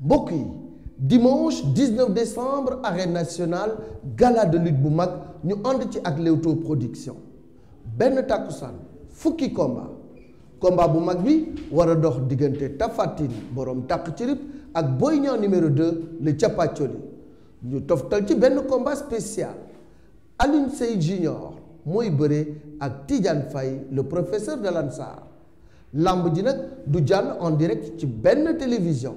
mbokk yi dimanche 19 décembre arène national gala de lutte bu mag ñu ànd ci ak Leewtoo production benn takkusaan fukki komba combat bu mag bi war dox diggante Tafatine borom takk ci ak Boy Niang numéro 2 le capacholi ñu toftal ci benn combat spécial Alioune Seye Junior mooy bëre ak Tidiane fay le professeur de l'Ansar lamb ji nag du jàll en direct ci benn télévision.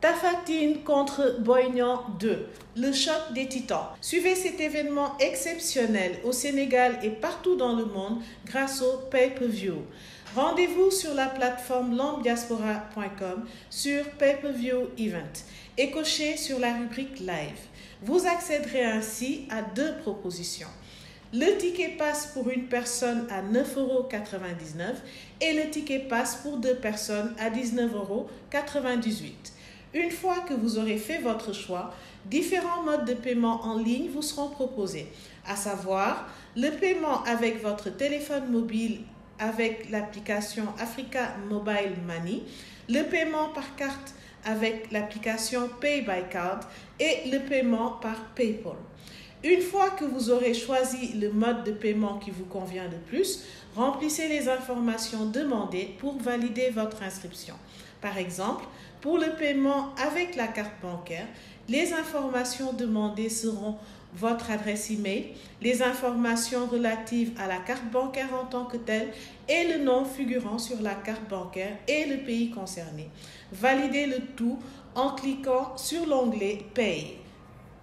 Tafatine contre Boignan 2, le choc des titans. Suivez cet événement exceptionnel au Sénégal et partout dans le monde grâce au pay-per-view. Rendez-vous sur la plateforme lambdiaspora.com sur pay-per-view event et cochez sur la rubrique live. Vous accéderez ainsi à deux propositions. Le ticket passe pour une personne à 9,99 euros et le ticket passe pour deux personnes à 19,98 euros. Une fois que vous aurez fait votre choix, différents modes de paiement en ligne vous seront proposés, à savoir le paiement avec votre téléphone mobile avec l'application Africa Mobile Money, le paiement par carte avec l'application Pay by Card et le paiement par PayPal. Une fois que vous aurez choisi le mode de paiement qui vous convient de plus, remplissez les informations demandées pour valider votre inscription. Par exemple, Pour le paiement avec la carte bancaire, les informations demandées seront votre adresse email, les informations relatives à la carte bancaire en tant que telle et le nom figurant sur la carte bancaire et le pays concerné. Validez le tout en cliquant sur l'onglet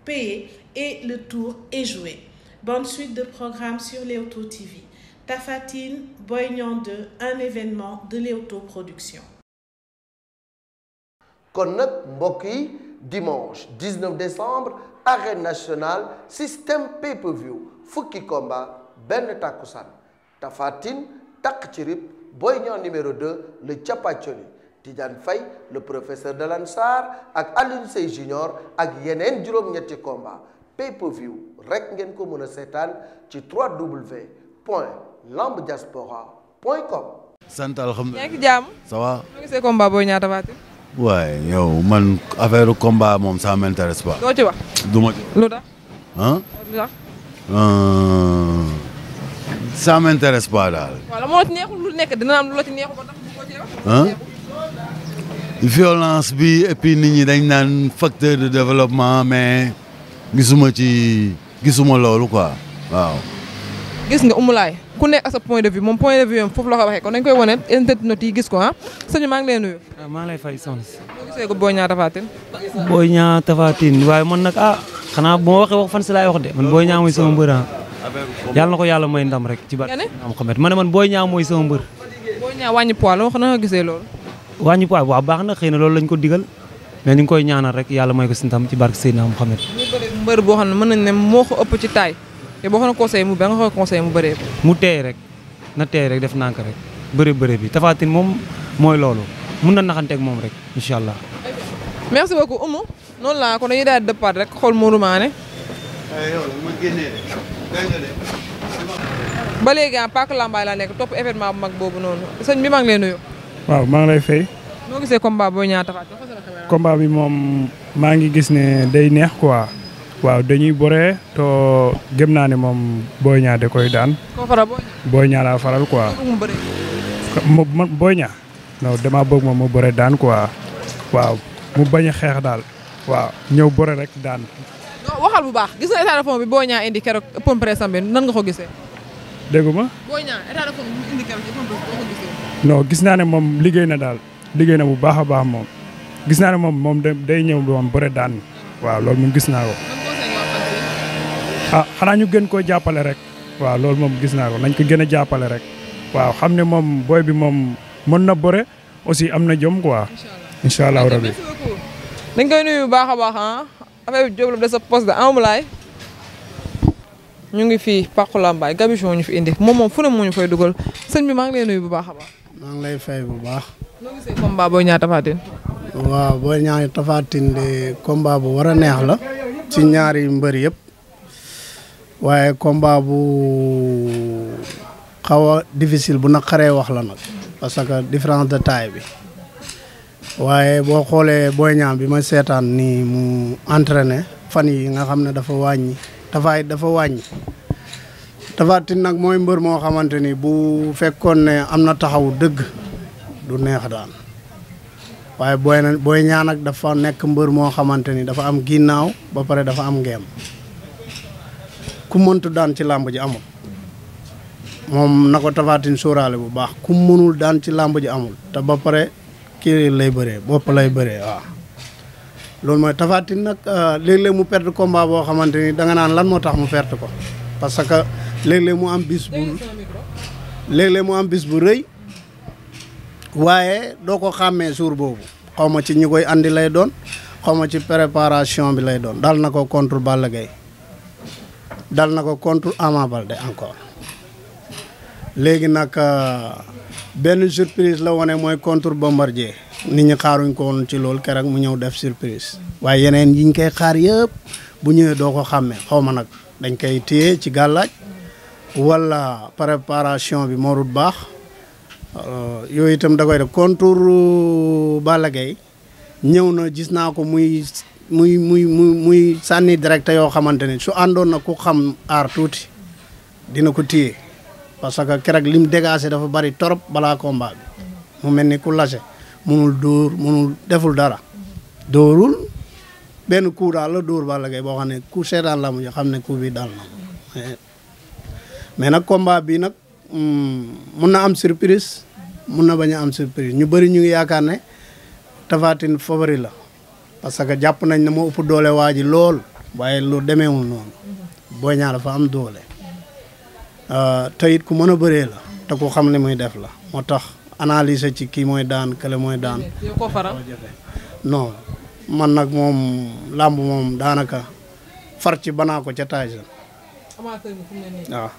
Payer. et le tour est joué. Bonne suite de programmes sur Léoto TV. Tafatine, Boignan 2, un événement de Léoto Production. kon nag mbokk yi dimanche 19 décembre arène nationale système pay-per-view fukki combat benn takkusaan Tapha Tine takk ci rib Boy Niang numéro 2 le capacholi Tidiane Faye le professeur de Lansar ak Alioune Seye Junior ak yeneen juróom-ñetti combat pay per rek ngeen ko mën a seetaan ci 3W point lambdiaspora point com sant alhamdulilah ngi jàmm ça ngi see combat Boy Niang Tapha waaye yow man affaire combat moom ça m'intéresse pas. doo du ma lu tax. ah lu euh, daal. wala moo ci neexul lu nekk dina am lu la ci neexul ba tax bu ko ci wax. violence bi et nit ñi dañ naan facteur de développement mais gisuma ci gisuma loolu quoi waaw. gis nga umulaay. ku nekk à point de vue moom point de vue yam foofu la ko waxee kon dañ koy wane internet gis ko ah sëñ maa ngi lay nuyu. waaw ah, maa lay fay soxna si. boo gisee ko Boy Niang waaye man nag ah xanaa bu waxee wax fan si laay wax de. man Boy Niang mooy mbër ah. na ko yàlla may ndam rek. ci barke am xamet ma ne man Boy Niang mooy sama mbër. Boy Niang wàññi poids la wax na nga gisee loolu. wàññi baax na xëy na loolu lañ ko digal mais ñu ngi koy ñaanal rek yàlla may ko ci ndam ci barke Seydina Muhammad. mbër boo xam ne mën nañ ne moo ko ëpp ci taay te boo ko conseillé mu ba nga ko conseillé mu bëree teey rek na teey rek def nànk rek bëri bëri bi Tapha moom mooy loolu mun na naxanteeg moom rek incha allah. merci beaucoup Oumou noonu laa ko dañuy daal di dëppaat rek xool moo Mané. ba léegi ah Pàcc Lambaay laa nekk topp événement bu mag boobu noonu sëñ bi maa ngi lay nuyu. waaw maa ngi lay fay. noo gisee combat booy ñaata Tapha. combat bi moom maa ngi gis ne day neex quoi. waaw dañuy boree to gëm naa ne moom Boy Niang da koy daan. koo faral Boy Niang laa faral quoi. mu man Boy Niang non damaa bëgg moom mu boree daan quoi waaw mu bañ a xeex daal waaw ñëw boree rek daan. waxal bu baax gis bi Boy Niang indi keroog ëppam pressam bi nan nga ko gisee. déggu ma. gis naa ne moom liggéey na daal liggéey na bu baax a baax moom gis naa ne moom moom day ñëw moom boree daan waaw loolu moom gis naa ko. a ah, xanaa ñu gën koo jàppale rek waaw loolu moom gis naa ko nañ ko gën a jàppale rek waaw xam ne moom booy bi moom mën na bore aussi am na jom quoi. incha allah rabi dañ koy nuyu bu baax a baax ah affaire bi de sa poste de amulaay ñu ngi fii Pàqu Lambaay Gabichon ñu fi indi moom moom fu ne moo ñu fay dugal sëñ bi maa ngi lay bu baax a baax. maa ngi lay fay bu baax. noo gisee combat booy ñaar tafaatin. waaw booy ñaar tafaatin de combat bu war a neex la. ci ñaari mbër yëpp. waaye combat bu xaw a difficile bu naqaree wax la nag parce que différence de taille bi waaye boo xoolee booy Niang bi ma seetaan nii mu entraîné fan yi nga xam ne dafa wàññi tafaay dafa wàññi Tapha Tine nag mooy mbër moo xamante ni bu fekkoon ne am na taxaw dëgg du neex daan waaye booy na booy ñaa nag dafa nekk mbër moo xamante ni dafa am ginnaaw ba pare dafa am ngeem ku mëntu daan ci làmb ji amul moom na ko tafaatin sóoraale bu baax ku mënul daan ci làmb ji amul te ba pare kii lay bëree bopp lay bëree waaw loolu mooy tafaatin nag euh, léeg-léeg mu perte combat boo xamante ni danga naan lan moo tax mu perte ko parce que léeg-léeg mu am bis bu léeg-léeg mu rëy waaye doo ko xàmmee suur boobu xaw ma ci ñi koy andi lay doon xaw ma ci préparation bi lay doon daal na ko contre Balla Gaye dal na ko contre Ama Baldé encore léegi nag euh, benn surprise la wone mooy contre Bombardier nit ñi xaaruñ ko woon ci loolu keroog mu ñëw def surprise waaye yeneen yi ñu koy xaar yëpp bu ñëwee doo ko xàmmee xaw ma nag dañ koy téye ci gàllaaj wala préparation bi moo dul baax euh, yooyu itam da koy def contre ñëw na gis naa ko muy muy muy muy muy sànni direct yoo xamante ne su àndoon na ku xam aar tuuti dina ko téye parce que keroog lim dégagé dafa bari torop balaa combat mu mel ni ku lase munul dóor munul deful dara dóorul benn coup daal la dóor Balla Gaye boo xam ne ku seetaan la mu xam ne coup bi daal na mais nag combat bii nag hmm, mun na am surprise mun na bañ a am surprise ñu bëri ñu ngi yaakaar ne Tapha Tine la parce que jàpp nañ ne moo ëpp doole waa ji lool waaye lu demeewul noonu ñaar Niang dafa am doole euh, te it ku mën a bëree la te ku xam ne muy def la moo tax analyser ci kii mooy daan kële mooy daan ko faral non man nag moom làmb moom daanaka far ci banaa ko ca taaj waaw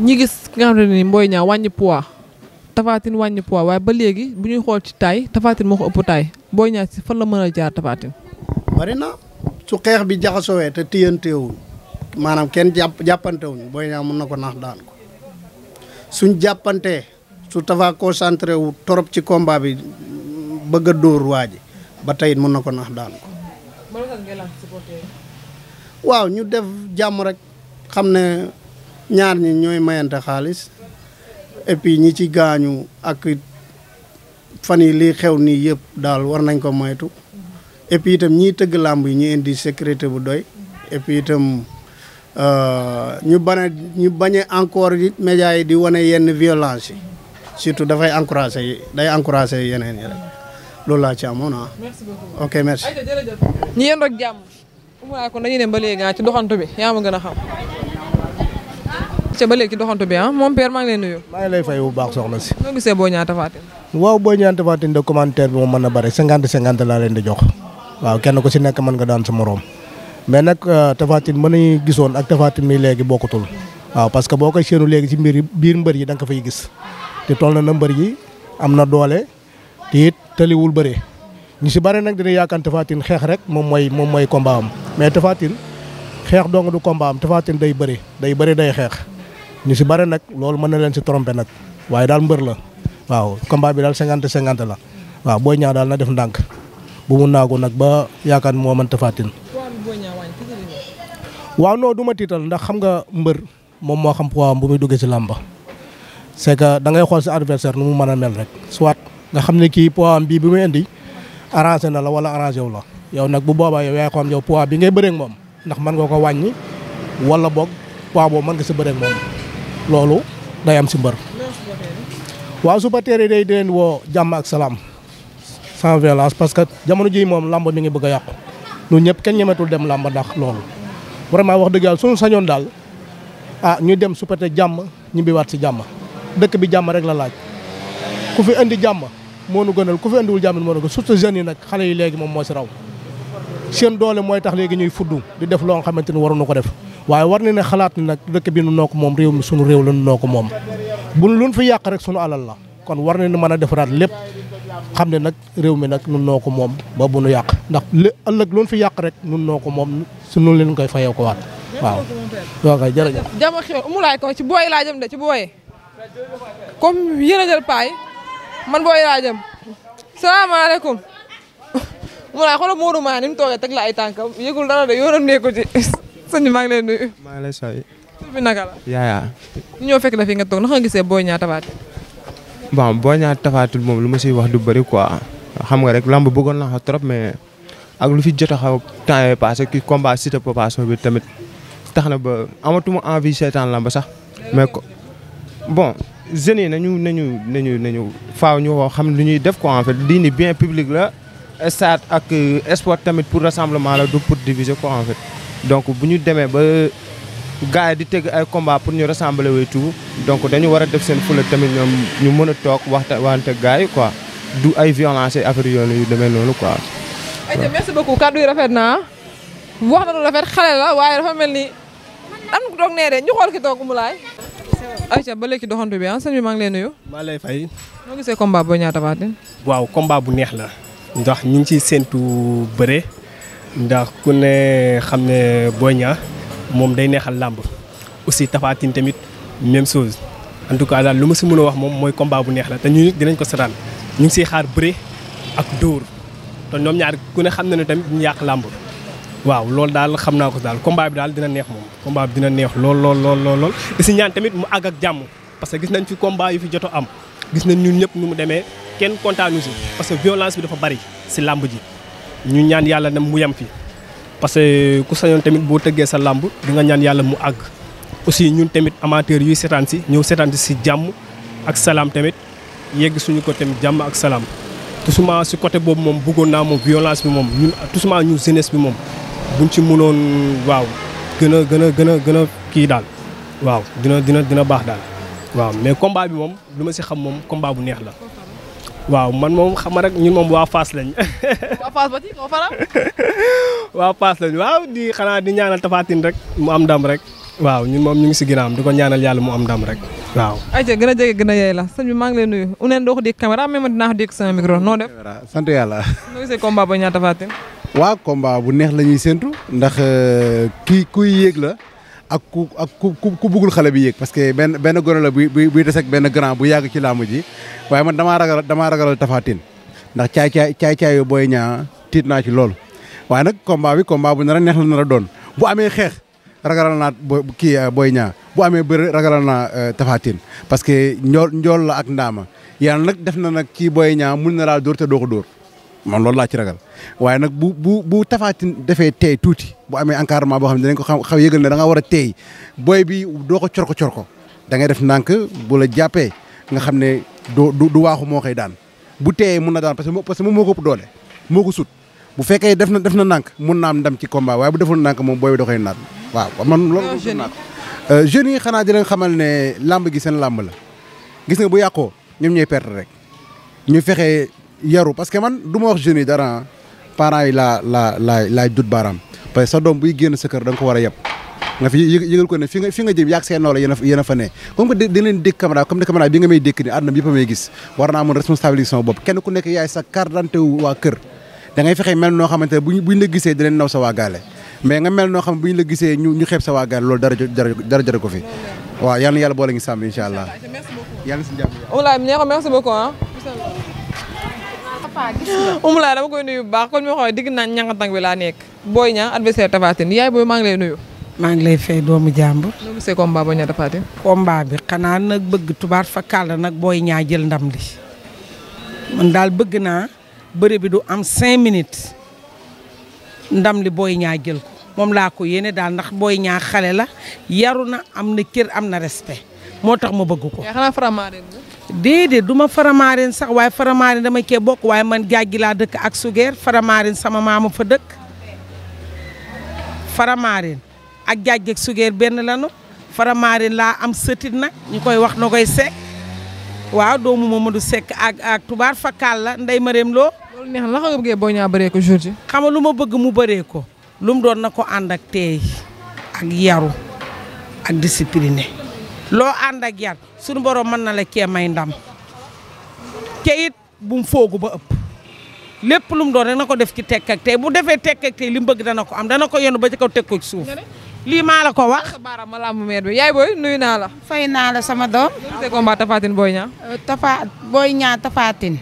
ñi gis ki nga xam ne ni Boy Niang wàññi poids Tapha wàññi poids waaye ba léegi bu ñuy xool ci taay Tapha Tine moo ko ëpp taay booy Niang si fan la mën a jaar Tapha Tine. bari na su xeex bi jaxasoowee te téyanteewuñ maanaam kenn jàpp jàppantewuñ Boy Niang mën na ko nax daan suñ jàppantee su Tapha concentré wu torop ci combat bi bëgg a dóor waa ji ba tey mën na ko nax daan ko. waaw ñu def jàmm rek xam ne ñaar ñi ñooy mayante xaalis et ñi ci gaañu ak fan yi lii xew nii yëpp daal war nañ ko moytu et puis itam ñiy tëgg làmb yi ñu di sécurité bu doy et puis itam ñu euh, bana ñu bañ encore it yi di wane yenn violence yi surtout dafay encouragé day encouragé yeneen yi rek loolu laa ci amoon ah. merci beaucoup ok merci. ñu yëndoo ak jàmm. waaw kon dañuy dem ba léegi ah, ci doxantu bi yaa gën a xam. ca ba léegi ci doxantu bi ah moom père maa ngi lay nuyu. maa ngi lay fay bu baax soxna si. noo gisee Boy Niang Tapha Tine. waaw Boy Niang Tapha Tine kenn ku si nekk mën nga daan sa morom mais nag euh, Tapha Tine mën nañu gisoon ak Tapha Tine mi léegi bokkutul waaw parce que boo koy séenu léegi ci mbir biir mbër yi da ko fay gis te toll na na mbër yi am na doole te it tëliwul bëri ñu si bëri nag dina yaakaar xeex rek moom mooy moom mooy combat mais Tapha xeex dong du combat am day bëri day bëri day xeex ñu si bare nag loolu mën na leen si tromper nag waaye daal mbër la waaw combat bi daal cinquante cinquante la waaw Boy Niang daal na def ndànk bu mu naagu nag ba yaakaar moo mën Tapha waaw non du ma tiital ndax xam nga mbër moom moo xam poids bu muy duggee si làmba c'est que da ngay xool sa adversaire nu mu mën a mel rek soit nga xam ne kii poids bii bi muy indi arrangé na la wala arrangé wu la yow nag bu boobaa yow yaay xam bi ngay bëreeg moom ndax mën nga ko wàññi wala boog poids boobu mën nga si bëreeg moom loolu day am si mbër. waaw supporters yi day di leen woo jàmm ak salaam sans violence parce que jamono ji moom làmba mi ngi bëgg a yàqu ñun ñëpp kenn ñemetul dem làmba ndax loolu. vraiment wax dëgg yàlla suñu sañoon daal ah ñu dem supporter jàmm ñibbiwaat si jàmm dëkk bi jàmm rek la laaj ku fi indi jàmm moo nu gënal ku fi indiwul jàmm moo nu gënal surtout jeunes yi nag xale yi léegi moom moo si raw seen doole mooy tax léegi ñuy fuddu di def loo xamante ni waruñu ko def. waaye war na ne xalaat ne nag dëkk bi nu noo moom réew mi sunu réew la nu noo ko moom bu fi yàq rek sunu alal la kon war na ne mën a defaraat lépp xam ne nag réew mi nag nun ko moom ba nu yàq ndax li ëllëg luñ fi yàq rek nun noo ko moom sunu leen koy fayee ko waat waaw. waaw kay jërëjëf. jama xew umulaay ko ci booy laa jam de ci booyee comme yéen a jël paay man booy laa jëm salaamaaleykum. umulaay xoolal Modou maa ni mu toogee teg la ay tànkam yëgul dara de yoonam nekku ci. sëñ maa ngi lay nuyu. sooy. tur la. yaayaa. ñu ñëw fekk na fi nga toog naka nga gisee boo Niang Tapha boo bon Boy Niang Tapha moom lu ma siy wax du bëri quoi xam nga rek lamb bëggoon naa ko trop mais ak lu fi jot a xaw temps yii passé ki combat Siteu Papa Sow bi tamit tax na ba amatuma envie seetaan lamb sax mais bon jeunes yi nañu nañu nañu nañu faaw ñu woo xam lu ñuy def ko en fait lii ni bien public la stade ak euh, sport tamit pour rassemblement la du pour diviser quoi en fait. donc bu ñu demee ba gars di tëgg ay combat pour ñu rassembler way tout donc dañu war a def seen fula tamit ñoom ñu mën a toog waxta wante gars yi quoi du ay violence affaire yoon yu demee noonu quoi. ayca merci kàddu yi rafet naa wax na lu rafet xale waaye dafa mel ni am doog de ñu xool ki toog mu ba léegi doxantu bi ah sëñ bi maa ngi lay nuyu. maa lay fay. noo gisee combat Boy Niang Tapha waaw combat bu neex la. ndax ñu ngi ciy séntu bëre. ndax ku ne xam ne Boy Niang moom day neexal làmb aussi Tapha Tine tamit même chose en tout cas daal lu ma si mën a wax moom mooy combat bu neex la te ñu nit dinañ ko setaan ñu ngi siy xaar bëre ak dóor te ñoom ñaar ku ne xam na ne tamit ñu yàq làmb waaw loolu daal xam naa ko daal combat bi daal dina neex moom combat bi dina neex lool lool lool lool lool di si ñaan tamit mu àgg ak jàmm parce que gis nañ fi combat yu fi joto am gis nañ ñun ñëpp nu mu demee kenn kontaanu si parce que violence bi dafa bari si làmb ji ñu ñaan yàlla na mu yem fi parce que ku sañoon tamit boo tëggee sa làmb di nga ñaan yàlla mu àgg aussi ñun tamit amateurs yuy seetaan si ñëw seetaan si si jàmm ak salaam tamit yegg suñu ko tamit jàmm ak salaam tousument si côté boobu moom buggoon naa moom violence bi moom ñun tousument ñu jeunesse bi moom buñ ci mënoon waaw gën a gën a gën a gën a kii daal waaw dina dina dina baax daal waaw mais combat bi moom lu ma si xam moom combat bu neex la waaw man moom xam nga rek ñun moom waa Fass lañ. waa Fass ba ci koo faral. waa Fass lañ waaw di xanaa di ñaanal Tapha Tine rek mu am ndam rek. waaw ñun moom ñu ngi si ginnaawam di ko ñaanal yàlla mu am ndam rek waaw. ayca gën a jege gën a yey la sëñ bi maa ngi lay nuyu uneen doo ko dégg caméra même dinaa ko dégg sama noo def. sant yàlla. noo gisee combat ba ñaata Tapha Tine. waa combat bu neex la ñuy séntu. ndax euh, kii kuy yéeg la. ak ku ak ku ku bëggul xale bi yéeg parce que benn benn gone la bu buy des benn grand bu yàgg ci làmb ji waaye man damaa ragal damaa ragalal tafaatin ndax caay caay caay caay booy ñaa tiit naa ci lool waaye nag combat bi combat bu nar a neex la nar doon bu amee xeex ragalal naa kii euh, booy ñaa bu amee bëri ragalal naa euh, tafaatin parce que njool njool la ak ndaama yàlla nag def na nag kii booy ñaa mun na laa dóor te doo ko dóor man loolu laa ci ragal waaye nag bu bu bu tafaatin defee teey tuuti bu amee encadrement boo xam ne dinañ ko xaw yëgal ne da nga war a teey booy bi doo ko corko corko da ngay def ndànk bu la jàppee nga xam ne doo du waaxu moo koy daan bu teeyee mun na daan parce que parce que moo ko ëpp doole moo ko sut bu fekkee def na def na ndànk mun naa am ndam ci combat waaye bu deful ndànk moom booy bi da koy waaw man loolu gis naa ko yi xanaa di xamal ne làmb gi seen làmb la gis nga bu yàqoo ñoom ñooy perte rek yaru parce que man du ma wax jeunes yi dara parents baaraam parce que sa doom buy génn sa kër da nga ko war a yeb nga fi yëgal ko ne fi nga jëm yàgg seen loola yéen a yéen a fa ne comme que di leen dégg caméra comme ne caméra bi nga may dégg ni àdduna gis war naa amoon responsabilité sama bopp kenn ku nekk yaay sa carte d'identité wu waa kër da ngay fexe mel noo la gisee di leen naw sa si jàmm. merci beaucoup ah. Tafa laa nga. Oumoulaye koy nuyu bu baax kon mi xoolee digg naa ñangatang bi laa nekk. booy ñaa adversaire Tapha Tine yaay booy maa ngi lay nuyu. maa ngi fay doomu jàmbur. noo gisee combat Boy Niang bi xanaa nag bëgg tubaar fa kàll nag booy Niang jël ndam li man daal bëgg naa bëre bi du am 5 ndam li booy ñaa jël moom laa ko yéene daal ndax booy Niang xale la yaru na am na kër am na respect. moo tax ma bëgg ko. duma faramaareen déedéet du ma faramaareen sax waaye faramaareen dama cee bokk waaye man jaaj gi laa dëkk ak sugeer faramaareen sama maamu fa dëkk faramaareen ak jaaj ak sugeer benn lanu faramaareen laa am sëtit nag ñu koy wax na koy sekk waaw doomu Mamadou Seck ak ak tubaar fakkaal la nday mareem loo. loolu neex na la nga bëggee boo ko jour ji. xam lu ma bëgg mu bëree ko lu mu doon na ko ànd ak teey ak yaru ak discipliné. loo ànd ak yar suñu borom mën na la cee may ndam te it bu mu foogu ba ëpp lépp lu doon rek na ko def ci tekk tey bu defee tekk tey li mu bëgg dana ko am dana ko yenu ba ci kaw teg ci suuf lii maa la ko wax. baaraam laamu meer bi yay booy nuyu naa la. fay naa la sama doom. te combat Tafatine Boy Niang. Euh, Tafa Boy Niang Tafatine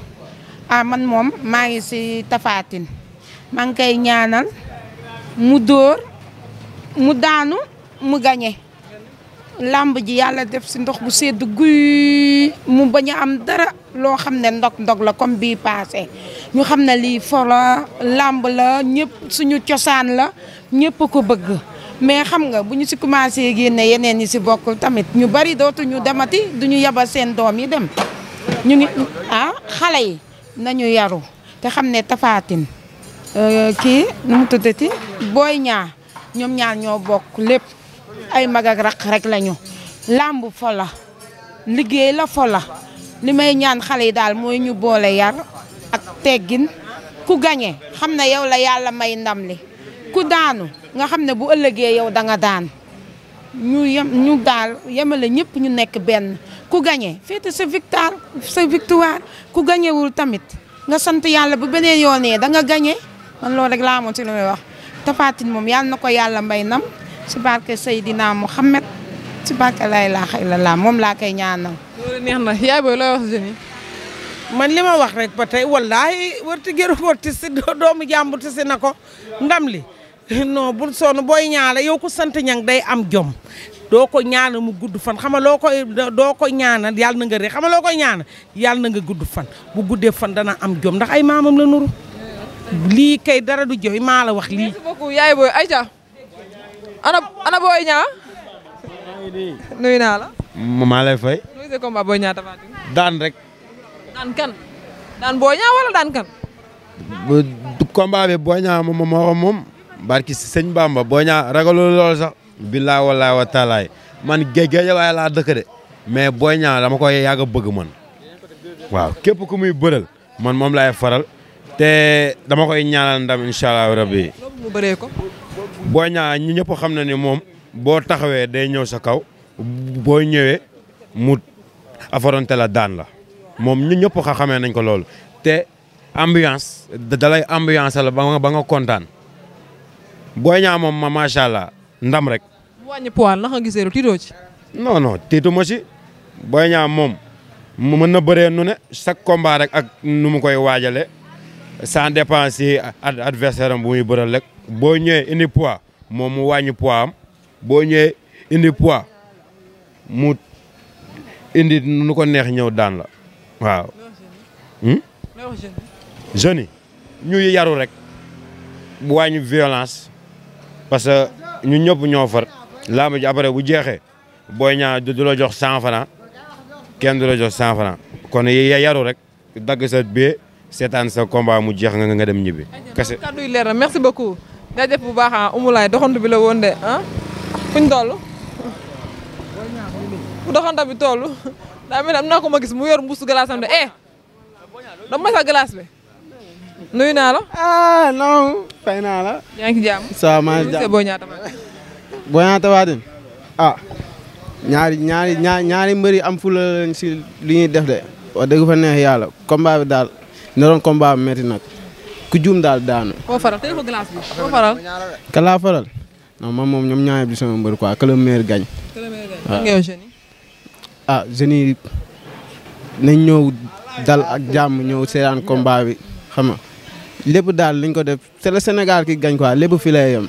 ah, man moom maa ngi si tafaatin maa ngi koy ñaanal mu dóor mu daanu mu gañe làmb ji yàlla def si ndox bu sedd guy mu bañ a am dara loo xam ne ndog-ndog la comme bii paase ñu xam ne lii fo la làmb la ñëpp suñu cosaan la ñëpp ko bëgg mais xam nga bu ñu si commencé génn yeneen yi si bokk tamit ñu bari dootuñu demati duñu yabal seen doom yi dem ñu ngi ah xale yi nañu yaru te xam ne tafaatin euh, kii nu mu tuddati booy ñaa ñoom ñaar ñoo bokk lépp. ay mag ak raq rek lañu làmb fo la liggéey la fo la li may ñaan xale yi daal mooy ñu boole yar ak teggin ku gañe xam na yow la yàlla may nam li ku daanu nga xam ne bu ëllëgee yow danga daan ñu yem ñu daal yemale ñëpp ñu nekk benn ku gañe féete sa victoire sa victoire ku gañewul tamit nga sant yàlla bu beneen yoonee da nga gañe man loolu rek laa amoon ci li may wax Tapha moom yàlla na ko yàlla may nam ci barke Seydina Mouhamed ci barke laa ilaaha illallaah moom laa koy ñaana loolu man li ma wax rek ba tey wallaahi warti gëru warti si doomu jàmbur si na ko ndam li non bul sonn booy ñaala yow ko sant ñang day am jom doo ko ñaanal mu gudd fan xam loo koy ko ñaanal yàlla na nga xam nga loo koy ñaanal yàlla na nga gudd fan bu guddee fan dana am jom ndax ay maamam la nuru lii kay dara du joy maa la wax lii. ana ana Boy Niang. nuyu naa la. maa lay fay. daan rek. daan kan. daan Boy Niang wala daan kan. bu combat bi Boy Niang moom barki sëñ Bamba Boy Niang ragalul lool sax. billaay wallaay wa taalaay man géej géej waaye laa dëkk de. mais Boy Niang dama koy yàgg a bëgg man. waaw képp ku muy bëral. man moom laay faral. te dama koy ñaanal ndam incha allah rabbi. mu bëree ko. boo Niang ñu ñëpp xam na ni moom boo taxawee day ñëw sa kaw boo ñëwee mu affronté la daan la moom ñu ñëpp xa nañ ko loolu te ambiance dalay ambiance la ba nga ba nga kontaan boo Niang moom ma macha allah ndam rek. wàññi poids la nga gisee tiitoo ci. non non tiitu si Boy Niang moom mu mën na bëree nu ne chaque combat rek ak nu mu koy waajalee. sans dépense yi adversaire am bu muy bëral rek boo ñëwee indi pois moom mu wàññi poids am boo ñëwee indi poids mu indi nu neex ñëw daan la waaw. Hmm? jeunes ñu yaru rek bu wàññi violence parce que ñu ñëpp ñoo far làmb ji après bu jeexe booy ñaa du la jox cent franc kenn du la kon yaru rek dagg sa bee. seetaan sa combat mu jeex nga nga dem ñibbi. kese kaddu yi leer na merci beaucoup. jaajëf bu baax ah Oumulaye doxantu la woon de ah fuñ toll. fu doxanta bi toll daa mel ne am naa ko ma gis mu yor mbuusu de eh dama ma sa glace bi. nuyu naa la. ah non fay naa la. yaa ngi ci jàmm. Ah, ñaari ñaari ñaari mbër yi am fula si li ñuy def de wax fa neex yàlla combat bi daal. ne doon combat bu métti nag ku daal daanu. koo faral tey moom ñoom ñaareel bi sama mbër quoi que le meilleur gagne. que le ah. ah, ñëw dal ak jàmm ñëw seetaan combat bi xam nga daal liñ ko def c'est le Sénégal ki gañ quoi lépp fi lay yem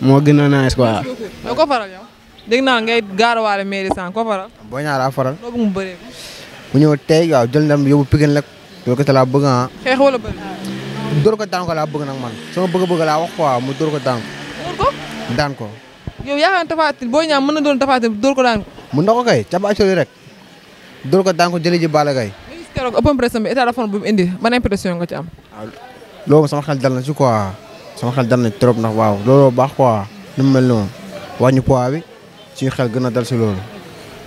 moo gën a nice quoi. mais ko faral yow dégg naa ko faral. mu ñëw tey waaw jël ndam yóbbu loolu kese laa bëgg ah. xeex laa bëgg nag man sama bëgg-bëgg laa wax quoi mu dóor ko daan ko. daan ko. yow yaakaar naa Tapha Tine Boy mën na doon Tapha Tine dóor ko daan ko. mën na ko kay caba acoli rek dóor ko daan ko jëlee ji Balla Gaye. gis keroog open press bi état ci am. Ah, loolu sama xel dal na ci quoi sama xel dal na trop ndax waaw looloo baax ko ni mu mel noonu wàññi poids bi suñu xel gën a dal si loolu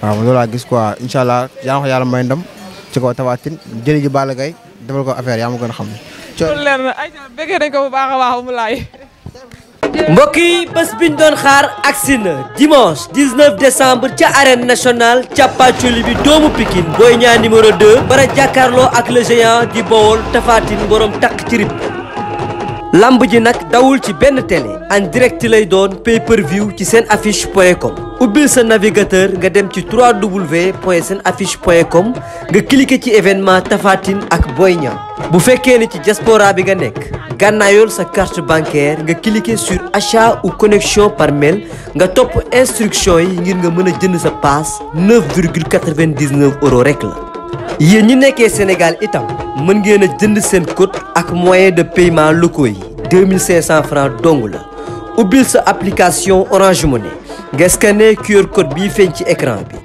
waaw loolaa gis quoi incha allah yaa ngi ko yàlla may ndam ci kaw Tapha Tine jëli ji Balla Gaye ko a xam. loolu leer na ay bëggee nañ ko bu baax a baax mu laay. mbokk doon xaar agsi na dimanche décembre ca arène nationale càppaacoli bi doomu Pikine Boy Niang numéro 2 bara jàkkaarloo ak le di Bawol Tapha Tine takk ci lamb ji nag dawul ci benn télé en direct lay doon pay per view ci seen affiche point com ubbil sa navigateur nga dem ci www.senaffiche.com nga cliqué ci événement Tafatine ak Boy Niang bu fekkee ni ci diaspora bi nga nekk gànnaayool sa carte bancaire nga cliqué sur achat ou connexion par mail nga topp instruction yi ngir nga mën a jënd sa paas 9,99 euros rek la. yéen ñi nekkee Sénégal itam mën ngeen a jënd seen code ak moyen de paiement locaux yi 2500 francs dong la ubbil sa application Orange Money nga scanné QR code bii feeñ ci écran bi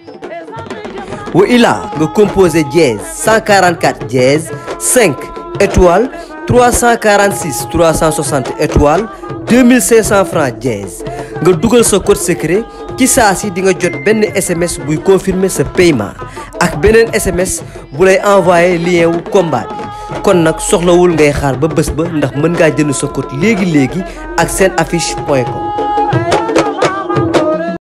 wa ilaa nga composé dièse 144 dièse 5 étoile 346 360 étoile 2500 francs dièse nga dugal sa code secret ci saa si di nga jot benn SMS buy confirmer sa paiement ak beneen SMS bu lay envoyer lien wu combat kon nag soxlawul ngay xaar ba bés ba ndax mën ngaa jënd sa code léegi léegi ak seen affiche point